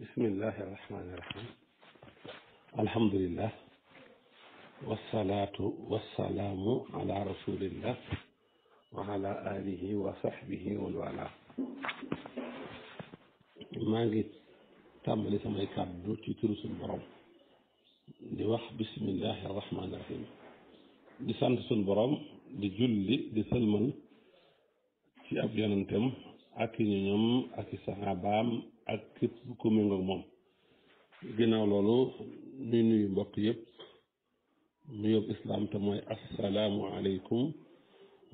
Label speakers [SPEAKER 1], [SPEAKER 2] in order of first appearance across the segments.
[SPEAKER 1] bismillahi irrahmani irrahim alhamdulillah wasalaatu wasalaamu ala rasulillah wa ala alihi wa sahbihi wa wala maa ngi tàmbali samay kàddu ci turu suñu borom di wax bismillahi irrahmani irrahim di sant suñu borom di julli di sëlmal ci ab yonanteem ak i ñoñom ak i saxaabaam ak képp ku méngoog moom ginnaaw loolu nuy nuyu mbokk yëpp nu yób islaam te mooy assalaamu aleykum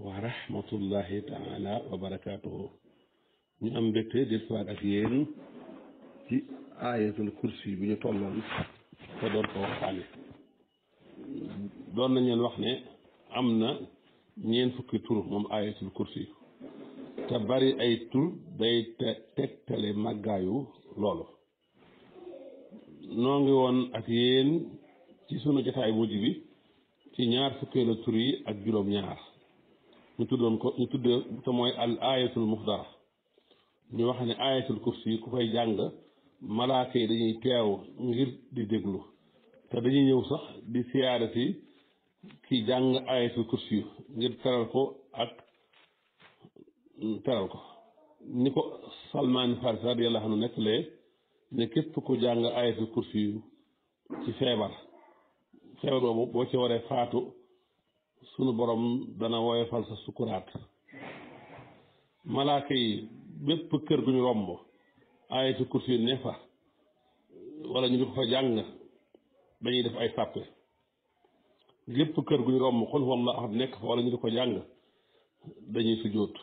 [SPEAKER 1] wa rahmatullahi taala ñu am mbégte di faat ak yéen ci aayatul kursi bi ñu tolloon te doon ko waxtaane doon nañ leen wax ne am na ñeent fukki tur moom aayatul kursi te bari ay tur day te tegtale màggaayu loolu noo ngi woon ak yéen ci sunu jotaay mujj bi ci ñaar fukkeelu tur yi ak juróom ñaar ñu tuddoon ko ñu tuddee te mooy al ayatul muxdara ñu wax ne ayatul kursi ku koy jàng malaaka yi dañuy teew ngir di déglu te dañuy ñëw sax di siyaare si ki jàng ayatul kursi ngir teral ko ak teral ko ni ko salmaan farisi radiyallaahu anhu nettalee ne képp ku jàng ayatul kursi yu ci feebar feebar boobu boo ci waree faatu sunu borom dana woyofal sa sukuraat malaaka yi bépp kër gu ñu romb ayatul kursi yu ne fa wala ñu di ko fa jàng dañuy def ay sàppe lépp kër gu ñu romb xul huwallaahu ahad nekk fa walla ñu di ko jàng dañuy sujjóot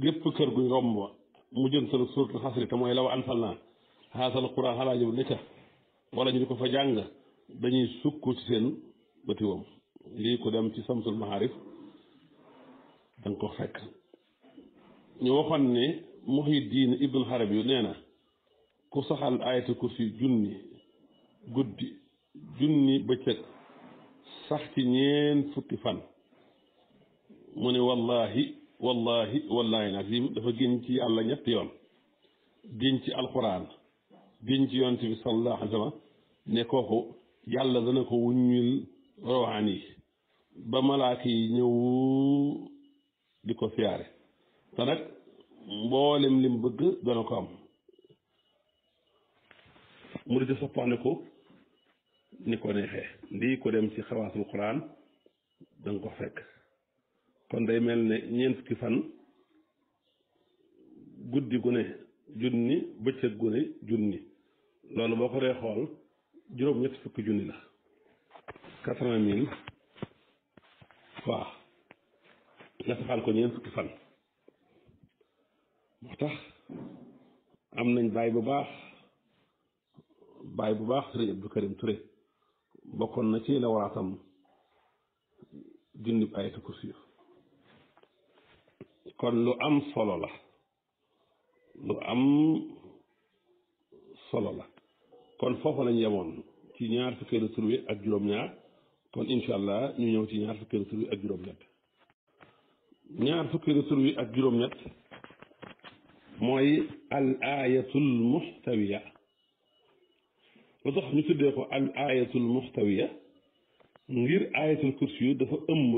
[SPEAKER 1] gépp kër gu yomb mu jën sala suuratul xasri te mooy law anfal naa xaasal quraan xalaa jëw lëkka wala ñu di ko fa jàng dañuy sukk ci seen bëti woom lii ko dem ci samsul maharif da nga ko fekk ñu waxoon ne muhiddin ibnul xarab yu nee na ku saxal ayatu kursi junni guddi junni bëccëg sax ci ñeen fukki fan mu ne wallahi wallahi wallahi nazim dafa génn ci yàlla ñetti yoon génn ci alquran génn ci yonent bi sallallahu alayhi wa sallam ne kooku yàlla dana ko wuññil roxaan yi ba malaaka yi ñëw di ko siyaare te nag mboolem lim bëgg dana ko am mu di soppaane ko ni ko neexee ndi ko dem ci xawaasul quran danga ko fekk kon day mel ni ñeent fukki fan guddi gu ne junni bëccëg gu ne junni loolu boo ko dee xool juróom ñetti fukki junni la quatre-vingt mille waaw nga saxal ko ñeent fukki fan moo tax am nañ baay bu baax baay bu baax Sëriñ Abdou Karim Touré bokkoon na ci la waraatam junni bu ayatul kon lu am solo la lu am solo la kon fofu lañ yemoon ci ñaar fukki tur wi ak juróom-ñaar kon inshallah ñu ñëw ci ñaar fukki tur wi ak juroom ñet ñaar fukki tur wi ak juroom ñet moy al ayatul muhtawiya lu tax ñu tuddé ko al ayatul muhtawiya ngir ayatul kursiyu dafa ëmb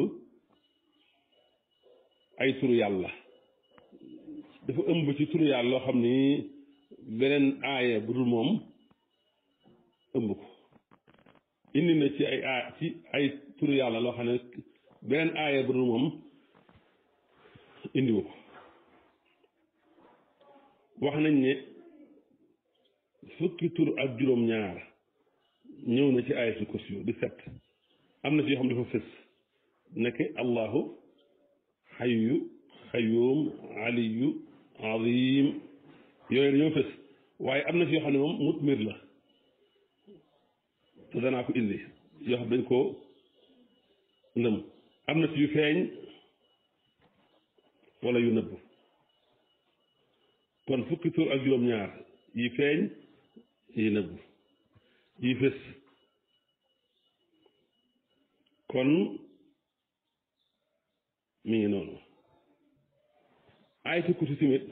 [SPEAKER 1] ay turu yàlla dafa ëmb ci turu yàlla loo xam ni beneen aaya bu dul moom ëmb ko indi na ci ay a ci ay turu yàlla loo xam ne beneen aaya bu dul moom indiwu ko wax nañ ne fukki tur ak juróom-ñaar ñëw na ci ayatul kursi di sept am na ci yoo xam dafa fës nekk allahu حي خيوم علي عظيم يوير يوفس واي امنا في خاني موم متمر لا تدانا كو اندي يوخ بن كو نم امنا في فين ولا ينب كون فك تور اك يوم ñaar يي فين يي نب يي فس كون mi ngi noonu ayatul kursi tamit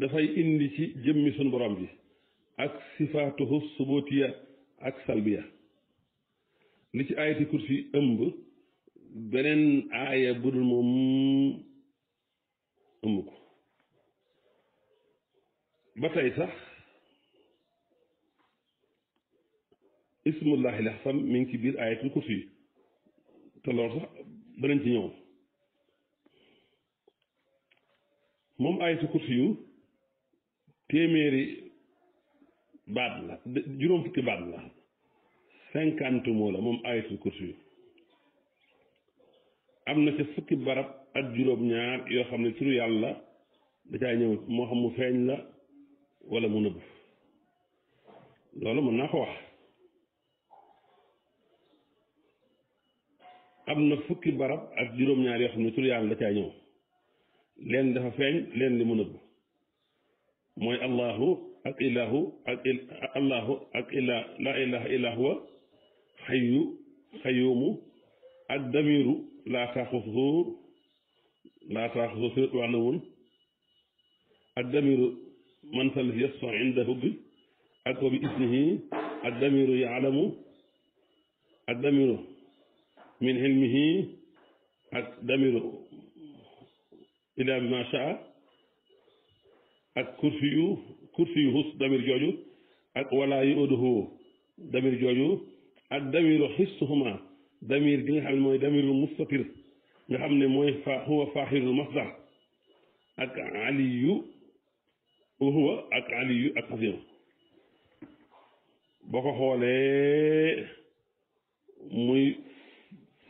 [SPEAKER 1] dafay indi ci jëmmi sunu borom bi ak sifaatuhu subutiya ak salbiya li ci ayatul kursi ëmb beneen aaya bu dul moom ëmb ko ba tey sax ismullahi laxsam mi ngi ci biir ayatul kursi te loolu sax danañ ci ñëw moom ayatul kursi yu téeméeri baat la juróom fukki baat la cinquante moo la moom ayatul kursi yu am na ca fukki barab ak juróom-ñaar yoo xam ne turu yàlla da caa ñëw moo xam mu feeñ la walla mu nëbb loolu mën naa ko wax am na fukki barab ak juróom-ñaar yoo xam tur yàlla da ñëw leen dafa feeñ leen li mu nëbb mooy allahu ak ilahu ak allahu ak ila laa ilaha illa huwa xayu xayuumu ak damiru laa taaxusuhu laa taaxusuhu sinatun wa nawm ak damiru man salis yasfa indahu bi ak wa bi ismihi ak damiru yaalamu ak damiru من علمه أكدمر إلى ما شاء أكرفيو كرفيو هس دمير جوجو أك ولا يؤده دمير جوجو أكدمر حسهما دمير جنح الموي دمير المستقر نحن موي فا هو فاحر المفزع أك علي وهو أك علي أكزيو بقى خوالي موي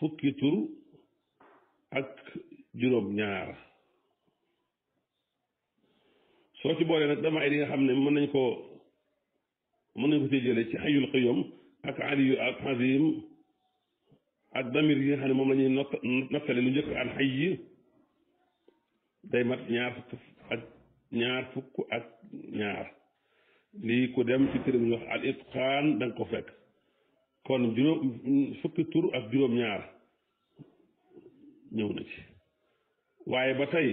[SPEAKER 1] fukki tur ak juróom-ñaar soo ci boolee nag dama yi nga xam ne mën nañ koo mën nañ ko see jëlee ci xayul xëyoom ak aliyu ak azim ak damir yi xam ne moom la ñuy not nottale lu njëkk al xay yi day mat ñaar fukk ak ñaar fukk ak ñaar lii ku dem ci téere bi ñu wax al itqaan da ko fekk kon juróom fukki tur ak juróom-ñaar ñëw na ci waaye ba tey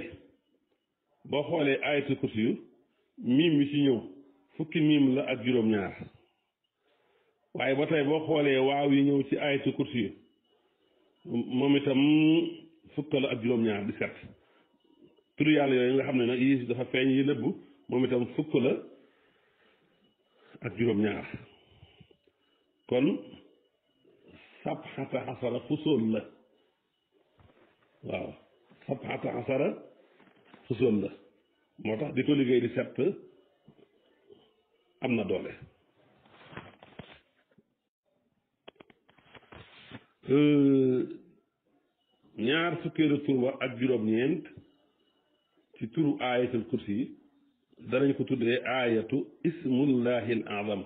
[SPEAKER 1] boo xoolee ayatul kursi yu miim bi ci ñëw fukki miim la ak juróom-ñaar waaye ba tey boo xoolee waaw yi ñëw ci ayatul kursi yu moom itam fukk la ak juróom-ñaar di set turu yàlla yooyu nga xam ne nag dafa feeñ yi lëbb moom itam fukk la ak juróom-ñaar kon sabxata xasara la waaw sab'ata asara xusóom la moo tax di ko liggéey di sept am na doole euh, ñaar fukkeelu tur wa ak juróom-ñeent ci turu aayatul kursi yi danañ ko tuddee aayatu ismullahi al azam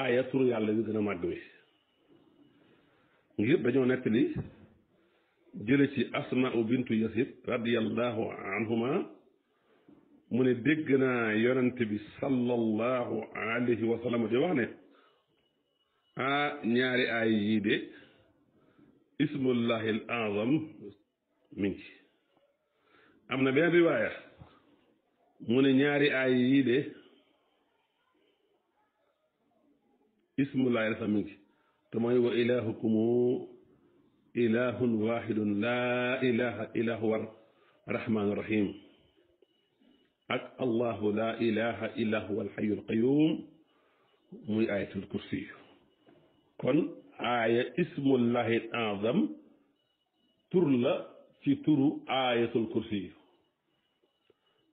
[SPEAKER 1] aaya yàlla bi gën a màgg wi ngir dañoo nettali jële ci asmau bintu yasib radiallahu anhuma mu ne dégg naa yonent bi sallallahu alayhi wa sallam di wax ne ah ñaari aay yii am na benn riwaaya mu ne ñaari aay yii de ismullahi al wa ilahukum إله واحد لا إله إلا هو الرحمن الرحيم أك الله لا إله إلا هو الحي القيوم مي آية الكرسي كن آية اسم الله الأعظم ترلا في تر آية الكرسي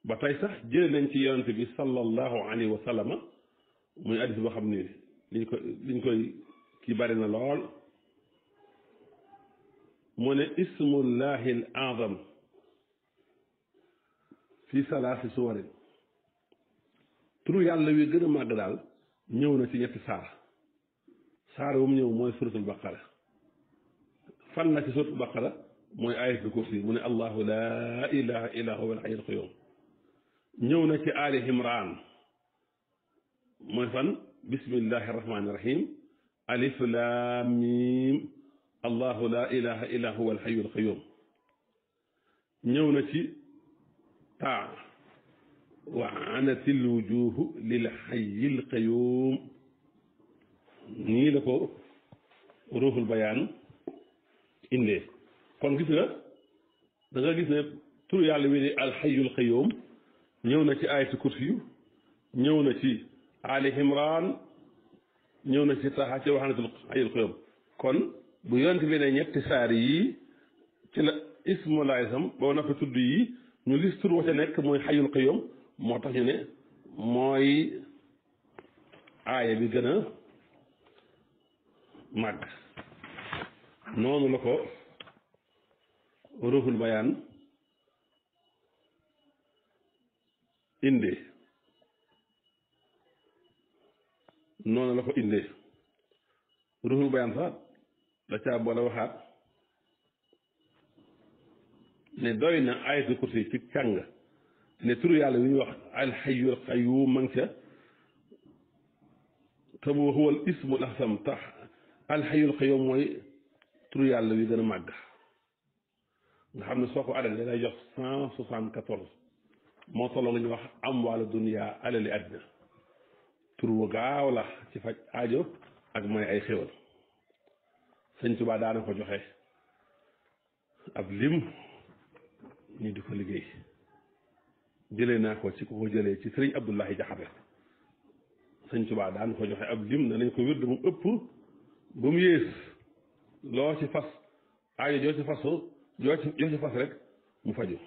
[SPEAKER 1] بطيسه جيرنا في ينتبه صلى الله عليه وسلم من آية بخمني لنكوي كبارنا لول mu ne ismullahi al azam fi salaasi suwarin turu yàlla wi gën a màgg daal ñëw na ci ñetti saar saar wu mu ñëw mooy suratul baqara fan la ci suratul baqara mooy ayatul kursi mu ne allahu laa ilaha illa huwa al hayyul qayyum ñëw na ci ali imran mooy fan bismillahi rahmaani rahim alif laam الله لا إله إلا هو الحي القيوم نونتي تاع وعنت الوجوه للحي القيوم ني نيلكو روح البيان إني كون غيسنا دا غيسنا تور يالله ويدي الحي القيوم نيونا سي آية الكرسي نيونا سي آل عمران نيونا سي طه حي القيوم كون bu yont bi ne ñetti saar yii ci la ismu laysam boo noppi tudd yi ñu lis tur wa nekk mooy xayul xëyoom moo tax ñu ne mooy aaya bi gën a màgg noonu la ko ruuxul bayaan indee noonu la ko indee ruuxul bayaan sax da caa boole waxaat ne doy na ayatul kursi ci càng ne turu yàlla wi ñuy wax alxayul qayyum man ca te mu huwal ismul ahsam tax alxayul qayyum mooy turu yàlla wi gën a màgg nga xam ne soo ko adal lay jox cent soixante quatorze moo tolloo nga ñu wax am wàllu dunia alali àddina tur wa gaaw la ci faj aajo ak may ay xéwal sëñ Tuubaa daana ko joxe ab lim ñu di ko liggéey jëlee naa ko ci ku ko jëlee ci sëriñ Abdullahi Jaxate sëñ Tuubaa daan ko joxe ab lim danañ ko wérd mu ëpp ba mu yées loo ci fas aajo joo ci fasu joo ci fas rek mu faju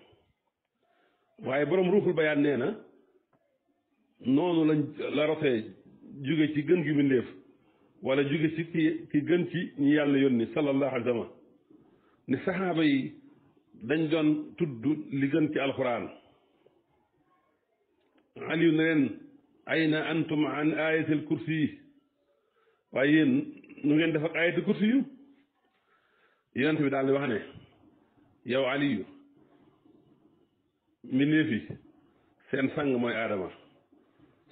[SPEAKER 1] waaye boroom ruuxul bayaan nee na noonu lañ la rotee jóge ci gën gi mbindéef ولا جوغي سي كي كي گنتي ني يالا يوني صلى الله عليه وسلم ني صحابه يي دنج دون تود لي گنتي القران علي نين اين انتم عن ايه الكرسي وين نو گن دفق ايه الكرسي يونت بي دال واخني ياو علي من نيفي سين سانغ موي ادمه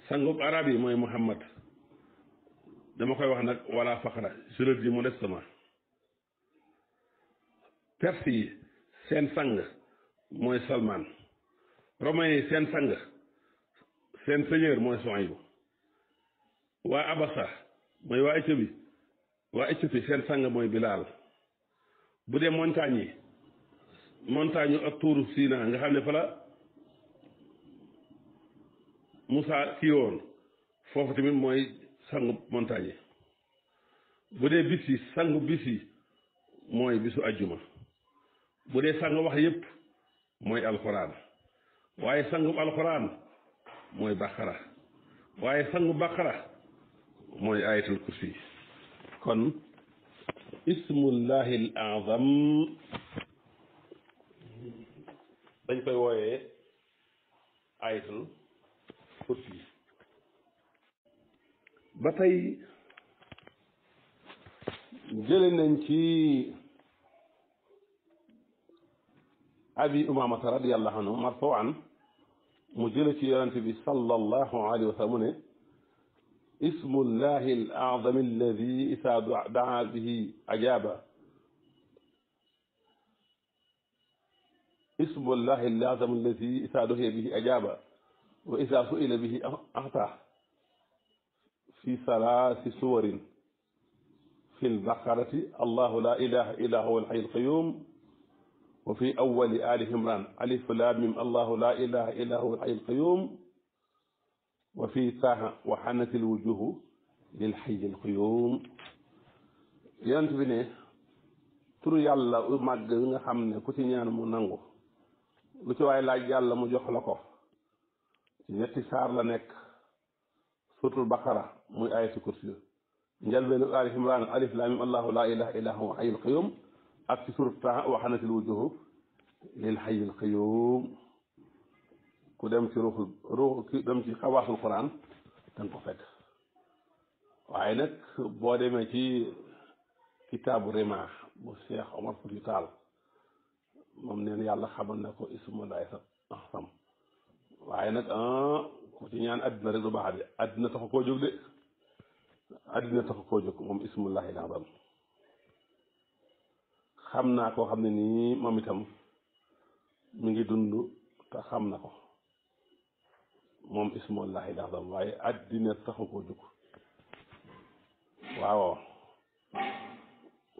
[SPEAKER 1] سانغ عربي موي محمد dama koy wax nag wala faqara surat yi modestement perse yi seen sang mooy Salman romain yi seen sang seen seigneur mooy Suwaybu waa Abasa mooy waa Éthiopie waa Éthiopie seen sang mooy Bilaal bu dee montagne yi montagne ak tuuru Sina nga xam ne fa la Moussa kii woon foofu tamit mooy sangu montagne yi bu dee bis yi sangu bis yi mooy bisu ajjuma bu dee sangu wax yépp mooy alxuraan waaye sangu alxuraan mooy baqara waaye sangu baqara mooy ayatul kursi kon ismullahi al dañ koy wooyee ayatul kursi batay jële nañ ci abi umama radiallahu anhu marfuan mu jële ci yaronte bi sallallahu alayhi wa sallam ne اسم الله الأعظم الذي إذا دعا به أجاب اسم الله الأعظم الذي إذا دعي به أجاب وإذا سئل به أعطاه في ثلاث سور في البقرة الله لا إله إلا هو الحي القيوم وفي أول آل عمران ألف لام ميم الله لا إله إلا هو الحي القيوم وفي طه وحنت الوجوه للحي القيوم yonent bi ne turu yàlla u màgg nga xam ne ku ci ñaan mu nangu lu ci waay laaj yàlla mu jox سوره البقره موي ايه الكرسي نجل بن الف عمران الف لام الله لا اله الا هو حي القيوم اك سوره طه وحنت الوجوه للحي القيوم كودم في روح روح كودم في خواص القران تنكو فك واي نك بو ديمي تي كتاب الرماع بو شيخ عمر بن طال مام نين يالله خبر نكو اسم الله احسن واي نك ا ku ci ñaan addina rek du baax de addina taxu koo jóg de addina taxu koo jóg moom ismullahi lazam xam naa koo xam ne nii moom itam mi ngi dund te xam na ko moom ismullahi lazam waaye addina taxu koo jóg waaw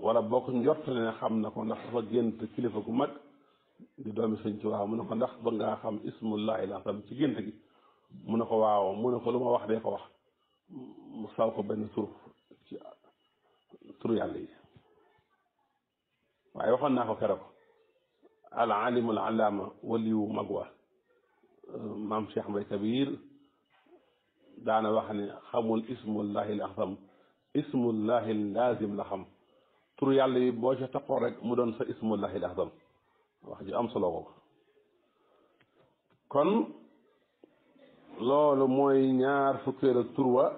[SPEAKER 1] wala bokk njort ne xam na ko ndax dafa gént kilifa gu mag di doomi sëñ ci waaw mu ne ko ndax ba ngaa xam ismullahi lazam ci gént gi mu ne ko waaw mu ne ko lu ma wax dee ko wax mu saw ko benn tur ci tur yàlla yi waaye waxoon naa ko keroog al alim al allama waliyu mag wa maam Cheikh Mbay Kabir daana wax ne xamul ismullahi laxam ismullahi laazim la xam tur yàlla yi boo ca toppoo rek mu doon sa ismullahi laxam wax ji am solo ko kon loolu mooy ñaar fukkeel ak turwa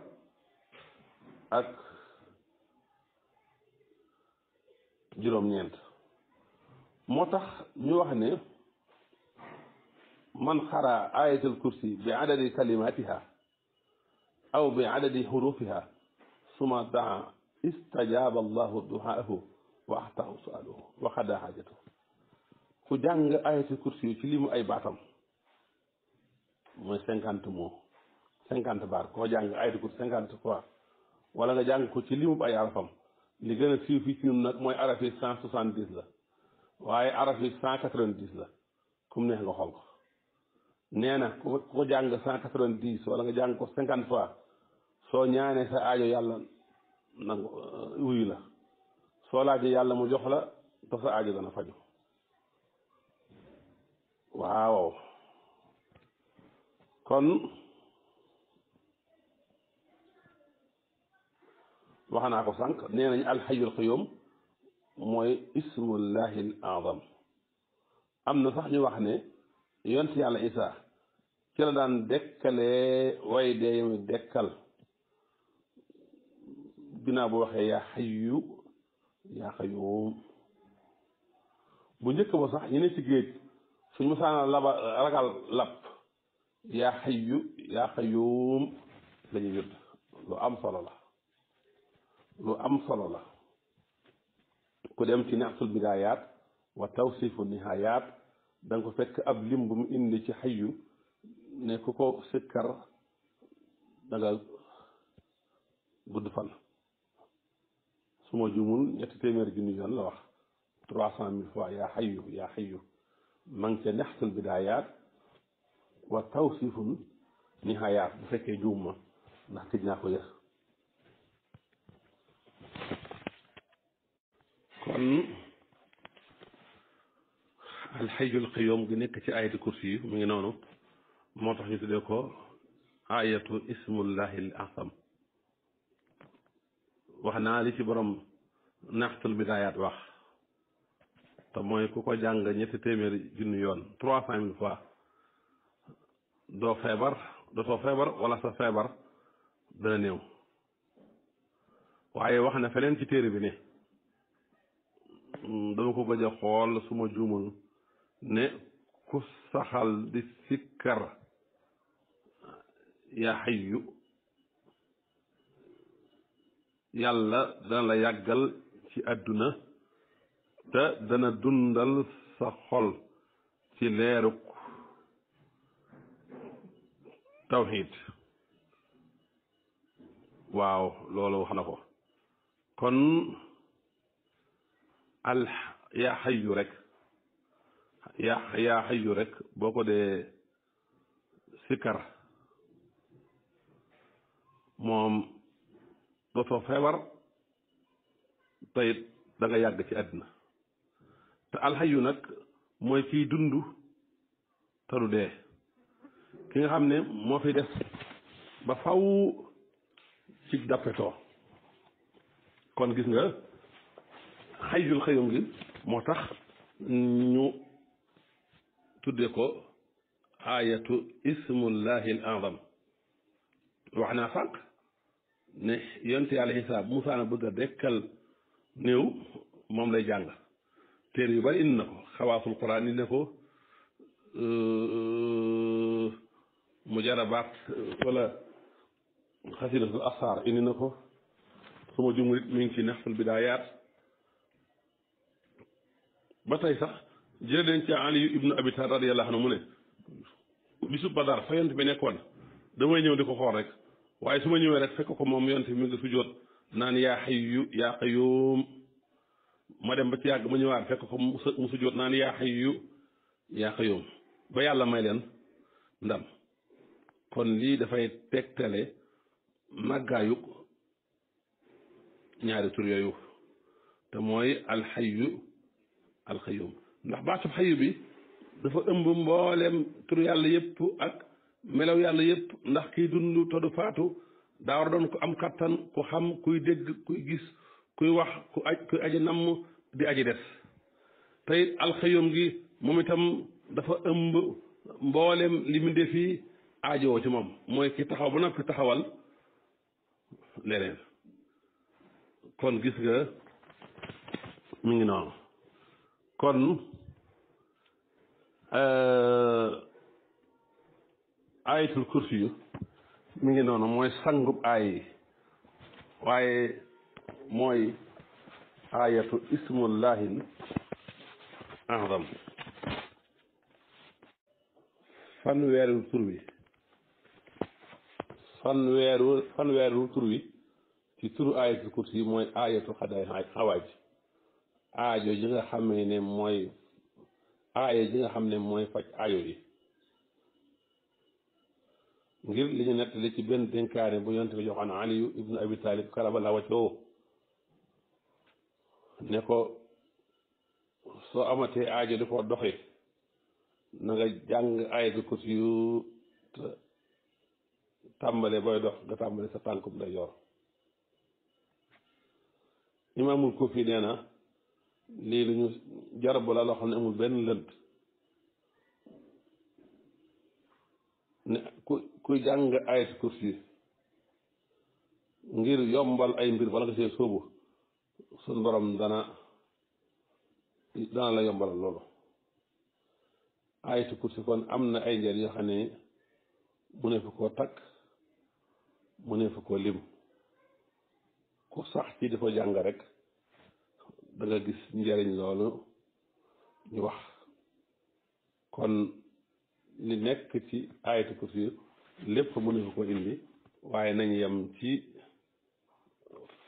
[SPEAKER 1] ak juróom-ñeent moo tax ñu wax ne man xara ayatul kursi bi adadi kalimatiha aw bi adadi xurufiha suma daa istajaba allahu duaahu wa axtahu sualuhu wa xada xaajatu ku jàng ayatul kursi ci limu ay baatam mooy cinquante mots cinquante baar koo jàng ayatu ko cinquante fois wala nga jàng ko ci limub ay arafam li gën a siiw fii ci nag mooy araf yi cent soixante la waaye araf yi cent quatre vingt dix la comme neex nga nee na jàng cent quatre vingt dix wala nga jàng ko cinquante fois soo ñaanee sa aajo yàlla nangu euh, wuyu la soo laajee yàlla mu jox la te sa aajo dana faju waaw kon wax naa ko sànq nee nañ alxayul qayum mooy ismullahi al am na sax ñu wax ne yont yàlla isaa ci la daan dekkalee way dee yami dekkal ginnaaw bu waxee yaa xayu yaa qayum bu njëkk ba sax ñu ne ci géej suñ musaana laba ragal lab yaa xayyu yaa xayyuum la ñuy lu am solo la lu am solo la ku dem ci nasul bidaayaat wa tawsifu nihayaat da nga ko fekk ab lim bu mu indi ci xayyu ne ku ko sikkar da nga gudd fan su ma jumul ñetti téeméer junni yoon la wax trois cent mille fois yaa xayyu yaa xayyu man ca nasul bidaayaat wa tawsifun nihayaat bu fekkee juum ma ndax tëj naa ko def kon alxayul qayyum gi nekk ci ayati kursi mu ngi noonu moo tax ñu tuddee ko ayatu ismullahi al wax naa li ci borom naxtul bidaayaat wax te mooy ku ko jàng ñetti téeméeri junni trois cent fois doo feebar dootoo feebar wala sa feebar dana néew waaye wax na feneen ci téere bi ne mm, dama ko gëj a xool su ma juumul ne ku saxal di sikkar yaa xayyu yàlla dana la yàggal ci àdduna te dana dundal sa xol ci leeruk tawxiid waaw loolu wax na ko kon al yaa xayu rek yaa yaa xayu rek boo ko dee sikkar moom dootoo feebar te it yàgg ci àddina te alxayu nag mooy kiy dundu te dee ki nga xamne mo fi def ba faw ci dapeto kon gis nga xayjul xëyum gi motax ñu tudde ko ayatu ismullahi al azam waxna naa ne yonte yàlla xisaab musa na bëgg dekkal new mom lay jàng ter yu bari innako na qur'an xawaasul quraan ko mu jarabaat euh, wala xasidatul asaar indi na ko suma jumul it mi ngi ci naxful bidaayaat ba tey sax jële nañ ci aliyu ibnu abi taalib radiyallahu mu ne bisu badar fa yont bi nekkoon damay ñëw di ko xool rek waaye su ma ñëwee rek fekk ko moom yont bi mi ngi sujjóot naan yaa xayyu yaa qayyuum ma dem ba ci yàgg ma ñëwaat fekk ko mu sujjóot naan yaa xayyu yaa qayyuum ba yàlla may leen ndam kon lii dafay tegtale màggaayug ñaari tur te mooy alxayu alxayum ndax baatub xayu bi dafa ëmb mboolem tur yàlla yëpp ak melaw yàlla yëpp ndax kiy dund te du faatu daa doon ku am kàttan ku xam kuy dégg kuy gis kuy wax ku aj kuy aji namm di aji des tey alxayum gi moom itam dafa ëmb mbooleem li mu def fii aajowoo ci moom mooy ki taxaw ba noppi taxawal leneen kon gis nga mi ngi noonu kon euh, aayatul kursi yu mi ngi noonu mooy sangub aay waaye mooy aayatu ismullahil azam fanweeri tur wi fanweeru fanweeru tur wi ci turu ayatul kursi mooy ayatu xaday xawaaj aajo ji nga xam ne mooy aayo nga xam ne mooy faj aajo yi ngir li ñu nettali ci benn dénkaane bu yonte ko joxoon aliyu ibnu abi talib karaba la ne ko soo amatee aajo di ko doxi jàng ayatul kursi yu tàmbale booy dox nga tàmbale sa tànkum day yor imaamul Kufi nee na lii lu ñu jarabu la loo xam ne amul benn lënt ne ku ku jàng ayat kursi ngir yombal ay mbir wala nga see sóobu suñ borom dana dana la yombalal loolu ayat kursi kon am na ay njëriñ yoo xam ne mu ne fi koo takk mënee fa ko lim ku sax ci di ko jàng rek da nga gis njariñ loolu ñu wax kon li nekk ci ayatu kursi lépp mënee fa ko indi waaye nañ yem ci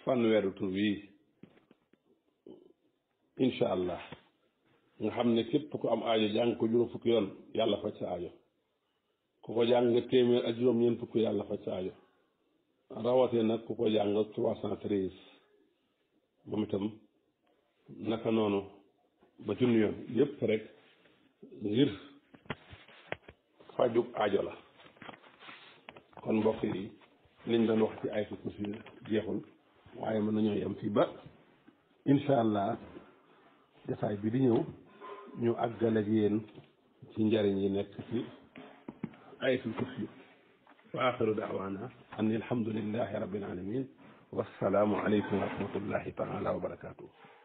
[SPEAKER 1] fanweeru tur wi incha allah nga xam ne képp ku am aajo jàng ko juróom fukki yoon yàlla faj sa aajo ku ko jàng nga téeméer ak juróom fukk yàlla faj sa aajo rawatee nag ku ko jàng trois cent treize moom itam naka noonu ba junni yoon yëpp rek ngir fajub aajo la kon mbokk yi liñ doon wax ci ayatul kursi jeexul waaye mën nañoo yem fii ba incha allah jotaay bi di ñëw ñu ak ak yéen ci njariñ yi nekk ci ayatul kursi wa axiru daawaana أن الحمد لله رب العالمين والسلام عليكم ورحمة الله تعالى وبركاته